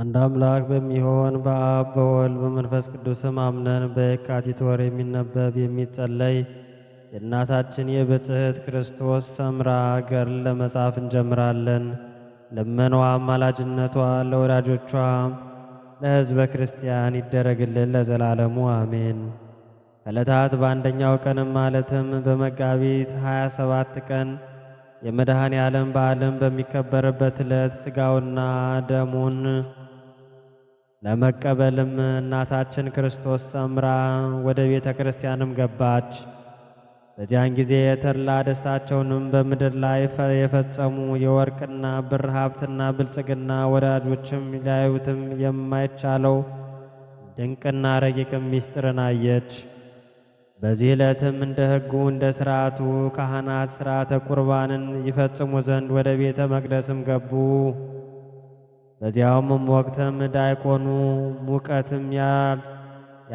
አንድ አምላክ በሚሆን በአብ በወልድ በመንፈስ ቅዱስም አምነን በየካቲት ወር የሚነበብ የሚጸለይ የእናታችን የብጽሕት ክርስቶስ ሰምራ ገድል ለመጻፍ እንጀምራለን። ልመኗ፣ አማላጅነቷ ለወዳጆቿ ለሕዝበ ክርስቲያን ይደረግልን ለዘላለሙ አሜን። ከዕለታት በአንደኛው ቀንም ማለትም በመጋቢት 27 ቀን የመድኃኔ ዓለም በዓልም በሚከበርበት ዕለት ሥጋውና ደሙን ለመቀበልም እናታችን ክርስቶስ ሰምራ ወደ ቤተ ክርስቲያንም ገባች። በዚያን ጊዜ የተድላ ደስታቸውንም በምድር ላይ የፈጸሙ የወርቅና ብር ሀብትና ብልጽግና ወዳጆችም ሊያዩትም የማይቻለው ድንቅና ረቂቅም ምስጢርን አየች። በዚህ ዕለትም እንደ ሕጉ እንደ ሥርዓቱ ካህናት ሥርዓተ ቁርባንን ይፈጽሙ ዘንድ ወደ ቤተ መቅደስም ገቡ። በዚያውም ወቅትም ዳይቆኑ ሙቀትም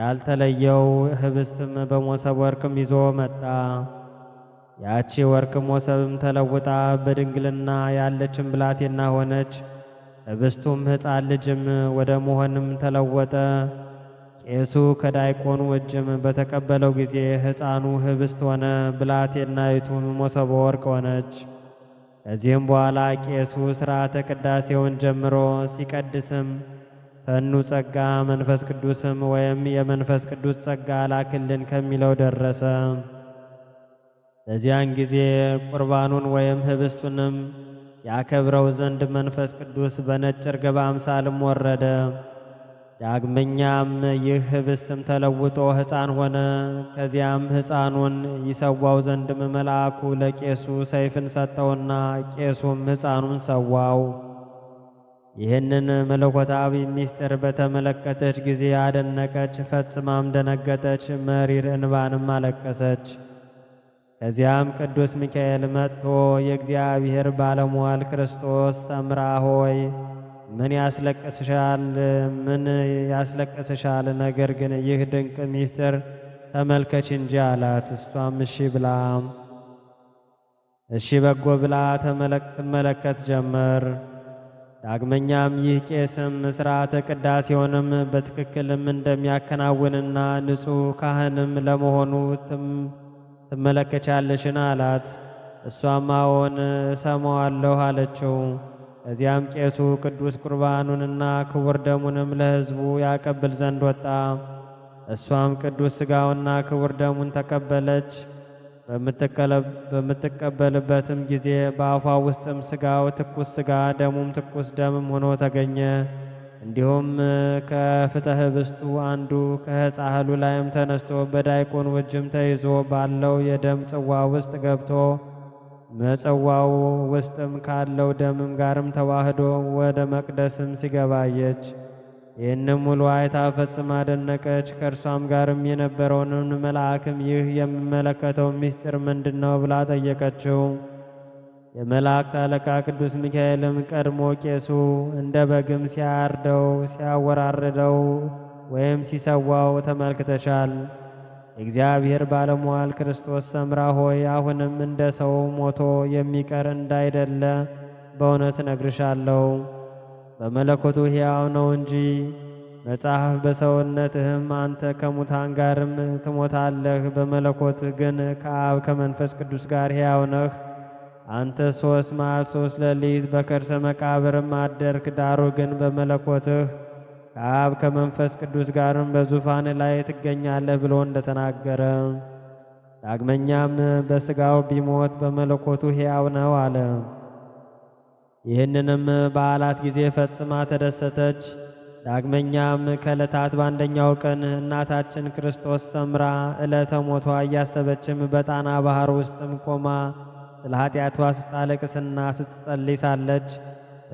ያልተለየው ህብስትም በሞሰብ ወርቅም ይዞ መጣ። ያቺ ወርቅ ሞሰብም ተለውጣ በድንግልና ያለችም ብላቴና ሆነች። ህብስቱም ሕፃን ልጅም ወደ መሆንም ተለወጠ። ቄሱ ከዳይቆኑ እጅም በተቀበለው ጊዜ ሕፃኑ ህብስት ሆነ፣ ብላቴናይቱም ሞሰበ ወርቅ ሆነች። ከዚህም በኋላ ቄሱ ሥርዓተ ቅዳሴውን ጀምሮ ሲቀድስም ፈኑ ጸጋ መንፈስ ቅዱስም ወይም የመንፈስ ቅዱስ ጸጋ ላክልን ከሚለው ደረሰ። በዚያን ጊዜ ቁርባኑን ወይም ህብስቱንም ያከብረው ዘንድ መንፈስ ቅዱስ በነጭ ርግብ አምሳልም ወረደ። ዳግመኛም ይህ ህብስትም ተለውጦ ሕፃን ሆነ። ከዚያም ሕፃኑን ይሰዋው ዘንድም መልአኩ ለቄሱ ሰይፍን ሰጠውና ቄሱም ሕፃኑን ሰዋው። ይህንን መለኮታዊ ምስጢር በተመለከተች ጊዜ አደነቀች፣ ፈጽማም ደነገጠች፣ መሪር እንባንም አለቀሰች። ከዚያም ቅዱስ ሚካኤል መጥቶ የእግዚአብሔር ባለሟል ክርስቶስ ተምራ ሆይ ምን ያስለቅስሻል? ምን ያስለቅስሻል? ነገር ግን ይህ ድንቅ ምስጢር ተመልከች እንጂ አላት። እሷም እሺ ብላ እሺ በጎ ብላ ትመለከት ጀመር። ዳግመኛም ይህ ቄስም ሥርዓተ ቅዳሴውንም በትክክልም እንደሚያከናውንና ንጹሕ ካህንም ለመሆኑ ትመለከቻለሽን? አላት። እሷም አዎን እሰማዋለሁ አለችው። እዚያም ቄሱ ቅዱስ ቁርባኑንና ክቡር ደሙንም ለሕዝቡ ያቀብል ዘንድ ወጣ። እሷም ቅዱስ ሥጋውና ክቡር ደሙን ተቀበለች። በምትቀበልበትም ጊዜ በአፏ ውስጥም ሥጋው ትኩስ ሥጋ ደሙም ትኩስ ደምም ሆኖ ተገኘ። እንዲሁም ከፍትሐ ኅብስቱ አንዱ ከሕፃህሉ ላይም ተነስቶ በዳይቆን ውጅም ተይዞ ባለው የደም ጽዋ ውስጥ ገብቶ መጸዋው ውስጥም ካለው ደምም ጋርም ተዋህዶ ወደ መቅደስም ሲገባየች ይህንም ሙሉ አይታ ፈጽማ አደነቀች። ከእርሷም ጋርም የነበረውን መልአክም ይህ የምመለከተው ምስጢር ምንድን ነው ብላ ጠየቀችው። የመላእክት አለቃ ቅዱስ ሚካኤልም ቀድሞ ቄሱ እንደ በግም ሲያርደው ሲያወራርደው ወይም ሲሰዋው ተመልክተሻል። እግዚአብሔር ባለሟል ክርስቶስ ሰምራ ሆይ አሁንም እንደ ሰው ሞቶ የሚቀር እንዳይደለ በእውነት ነግርሻለሁ። በመለኮቱ ሕያው ነው እንጂ መጽሐፍ በሰውነትህም አንተ ከሙታን ጋርም ትሞታለህ፣ በመለኮትህ ግን ከአብ ከመንፈስ ቅዱስ ጋር ሕያው ነህ። አንተ ሶስት መዓልት ሶስት ሌሊት በከርሰ መቃብርም አደርክ፣ ዳሩ ግን በመለኮትህ ከአብ ከመንፈስ ቅዱስ ጋርም በዙፋን ላይ ትገኛለህ ብሎ እንደተናገረ፣ ዳግመኛም በስጋው ቢሞት በመለኮቱ ሕያው ነው አለ። ይህንንም በዓላት ጊዜ ፈጽማ ተደሰተች። ዳግመኛም ከዕለታት በአንደኛው ቀን እናታችን ክርስቶስ ሰምራ ዕለተ ሞቷ እያሰበችም በጣና ባህር ውስጥም ቆማ ስለ ኃጢአቷ ስታለቅስና ስትጸልይ ሳለች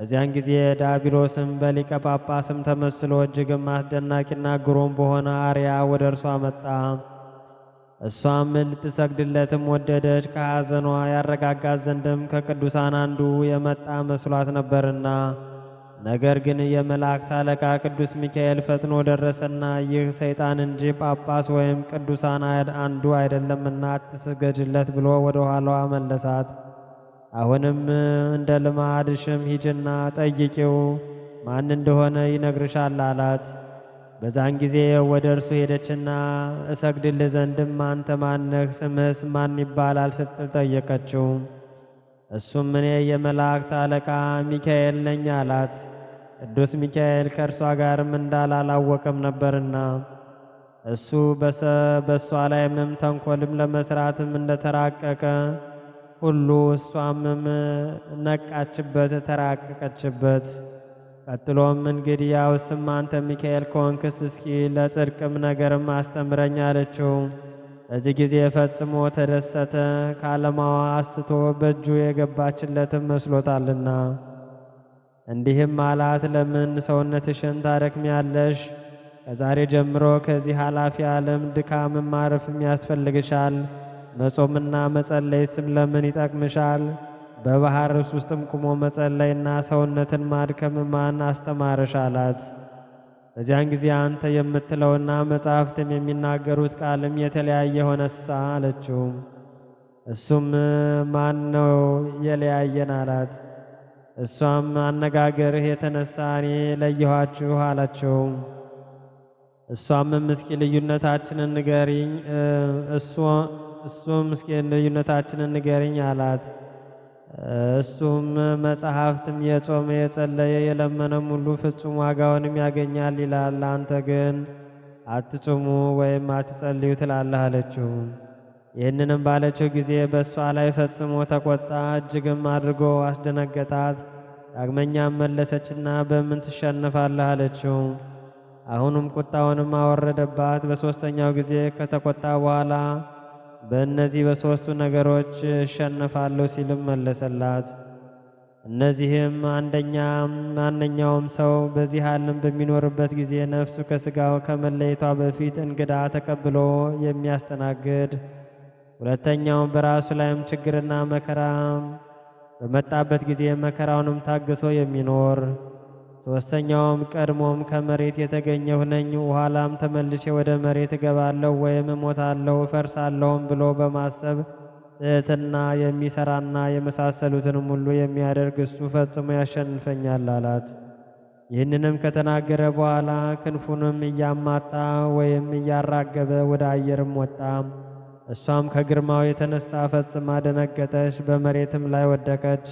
በዚያን ጊዜ ዳቢሎስም በሊቀ ጳጳስም ተመስሎ እጅግም አስደናቂና ግሩም በሆነ አርያ ወደ እርሷ መጣ። እሷም ልትሰግድለትም ወደደች። ከሐዘኗ ያረጋጋት ዘንድም ከቅዱሳን አንዱ የመጣ መስሏት ነበርና። ነገር ግን የመላእክት አለቃ ቅዱስ ሚካኤል ፈጥኖ ደረሰና ይህ ሰይጣን እንጂ ጳጳስ ወይም ቅዱሳን አንዱ አይደለምና አትስገድለት ብሎ ወደ ኋላዋ መለሳት። አሁንም እንደ ልማድሽም ሂጅና ጠይቂው ማን እንደሆነ ይነግርሻል አላት። በዛን ጊዜ ወደ እርሱ ሄደችና እሰግድል ዘንድም አንተ ማነህ? ስምህስ ማን ይባላል ስትል ጠየቀችው። እሱም እኔ የመላእክት አለቃ ሚካኤል ነኝ አላት። ቅዱስ ሚካኤል ከእርሷ ጋርም እንዳላላወቅም ነበርና እሱ በእሷ ላይምም ተንኮልም ለመስራትም እንደተራቀቀ ሁሉ እሷምም ነቃችበት፣ ተራቀቀችበት። ቀጥሎም እንግዲህ ስም አንተ ሚካኤል ከሆንክስ እስኪ ለጽድቅም ነገርም አስተምረኝ አለችው። በዚህ ጊዜ ፈጽሞ ተደሰተ፣ ከዓለማዋ አስቶ በእጁ የገባችለትም መስሎታልና። እንዲህም አላት፣ ለምን ሰውነትሽን ታደክሚያለሽ? ከዛሬ ጀምሮ ከዚህ ኃላፊ ዓለም ድካምም ማረፍም ያስፈልግሻል። መጾምና ስም ለምን ይጠቅምሻል? በባህርስ ውስጥም ቁሞ መጸለይና ሰውነትን ማድከም ማን አስተማረሽ? አላት። በዚያን ጊዜ አንተ የምትለውና መጻሕፍትም የሚናገሩት ቃልም የተለያየ ሆነሳ አለችው። እሱም ማን ነው የለያየን? አላት። እሷም አነጋገርህ የተነሳ እኔ ለየኋችሁ አላቸው። እሷም እስኪ ልዩነታችንን ንገሪኝ እሱ እሱም እስኪ ልዩነታችንን ንገርኝ አላት። እሱም መጽሐፍትም የጾመ የጸለየ የለመነም ሁሉ ፍጹም ዋጋውንም ያገኛል ይላል። አንተ ግን አትጾሙ ወይም አትጸልዩ ትላለህ አለችው። ይህንንም ባለችው ጊዜ በእሷ ላይ ፈጽሞ ተቆጣ፣ እጅግም አድርጎ አስደነገጣት። ዳግመኛም መለሰችና በምን ትሸነፋለህ አለችው። አሁንም ቁጣውንም አወረደባት። በሦስተኛው ጊዜ ከተቆጣ በኋላ በእነዚህ በሦስቱ ነገሮች እሸነፋለሁ ሲልም መለሰላት። እነዚህም አንደኛም ማንኛውም ሰው በዚህ ዓለም በሚኖርበት ጊዜ ነፍሱ ከሥጋው ከመለየቷ በፊት እንግዳ ተቀብሎ የሚያስተናግድ፣ ሁለተኛውም በራሱ ላይም ችግርና መከራ በመጣበት ጊዜ መከራውንም ታግሶ የሚኖር ሦስተኛውም ቀድሞም ከመሬት የተገኘሁ ነኝ፣ ኋላም ተመልሼ ወደ መሬት እገባለሁ ወይም እሞታለሁ እፈርሳለሁም ብሎ በማሰብ ትህትና የሚሰራና የመሳሰሉትንም ሁሉ የሚያደርግ እሱ ፈጽሞ ያሸንፈኛል አላት። ይህንንም ከተናገረ በኋላ ክንፉንም እያማታ ወይም እያራገበ ወደ አየርም ወጣ። እሷም ከግርማው የተነሳ ፈጽማ ደነገጠች፣ በመሬትም ላይ ወደቀች።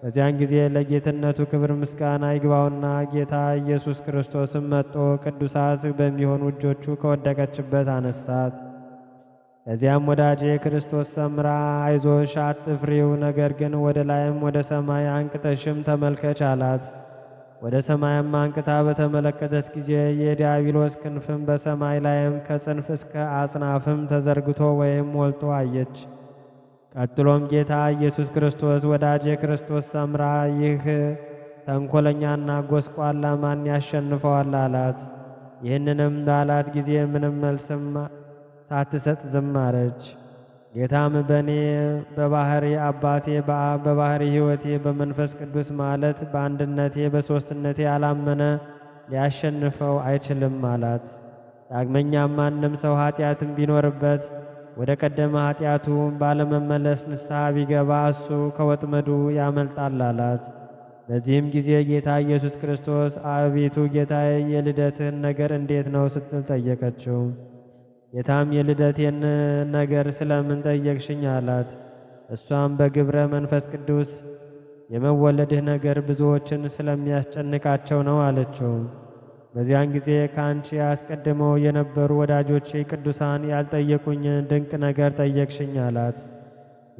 በዚያን ጊዜ ለጌትነቱ ክብር ምስጋና ይግባውና ጌታ ኢየሱስ ክርስቶስም መጥቶ ቅዱሳት በሚሆኑ እጆቹ ከወደቀችበት አነሳት። በዚያም ወዳጄ ክርስቶስ ሰምራ አይዞሽ አትፍሪው፣ ነገር ግን ወደ ላይም ወደ ሰማይ አንቅተሽም ተመልከች አላት። ወደ ሰማይም አንቅታ በተመለከተች ጊዜ የዲያብሎስ ክንፍም በሰማይ ላይም ከጽንፍ እስከ አጽናፍም ተዘርግቶ ወይም ሞልቶ አየች። ቀጥሎም ጌታ ኢየሱስ ክርስቶስ ወዳጄ ክርስቶስ ሰምራ ይህ ተንኮለኛና ጎስቋላ ማን ያሸንፈዋል አላት። ይህንንም ባላት ጊዜ ምንም መልስም ሳትሰጥ ዝም አለች። ጌታም በእኔ በባህሪ አባቴ በአብ በባህሪ ሕይወቴ በመንፈስ ቅዱስ ማለት በአንድነቴ በሦስትነቴ ያላመነ ሊያሸንፈው አይችልም አላት። ዳግመኛም ማንም ሰው ኃጢአትም ቢኖርበት ወደ ቀደመ ኃጢአቱም ባለመመለስ ንስሐ ቢገባ እሱ ከወጥመዱ ያመልጣል አላት። በዚህም ጊዜ ጌታ ኢየሱስ ክርስቶስ አቤቱ ጌታዬ የልደትህን ነገር እንዴት ነው ስትል ጠየቀችው። ጌታም የልደቴን ነገር ስለምን ጠየቅሽኝ አላት። እሷም በግብረ መንፈስ ቅዱስ የመወለድህ ነገር ብዙዎችን ስለሚያስጨንቃቸው ነው አለችው። በዚያን ጊዜ ከአንቺ አስቀድመው የነበሩ ወዳጆቼ ቅዱሳን ያልጠየቁኝን ድንቅ ነገር ጠየቅሽኝ አላት።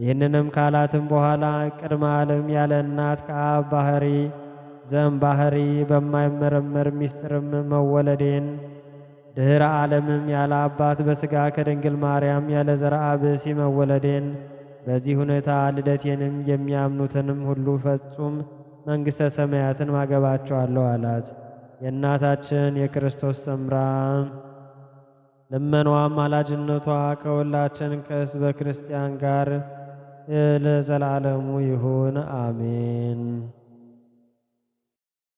ይህንንም ካላትም በኋላ ቅድመ ዓለም ያለ እናት ከአብ ባህሪ ዘም ባህሪ በማይመረመር ምስጢርም መወለዴን ድኅረ ዓለምም ያለ አባት በሥጋ ከድንግል ማርያም ያለ ዘርአ ብእሲ መወለዴን በዚህ ሁኔታ ልደቴንም የሚያምኑትንም ሁሉ ፈጹም መንግሥተ ሰማያትን ማገባቸዋለሁ አላት። የእናታችን የክርስቶስ ሰምራ ልመኗም አማላጅነቷ ከሁላችን ከሕዝበ ክርስቲያን ጋር ለዘላለሙ ይሁን አሜን።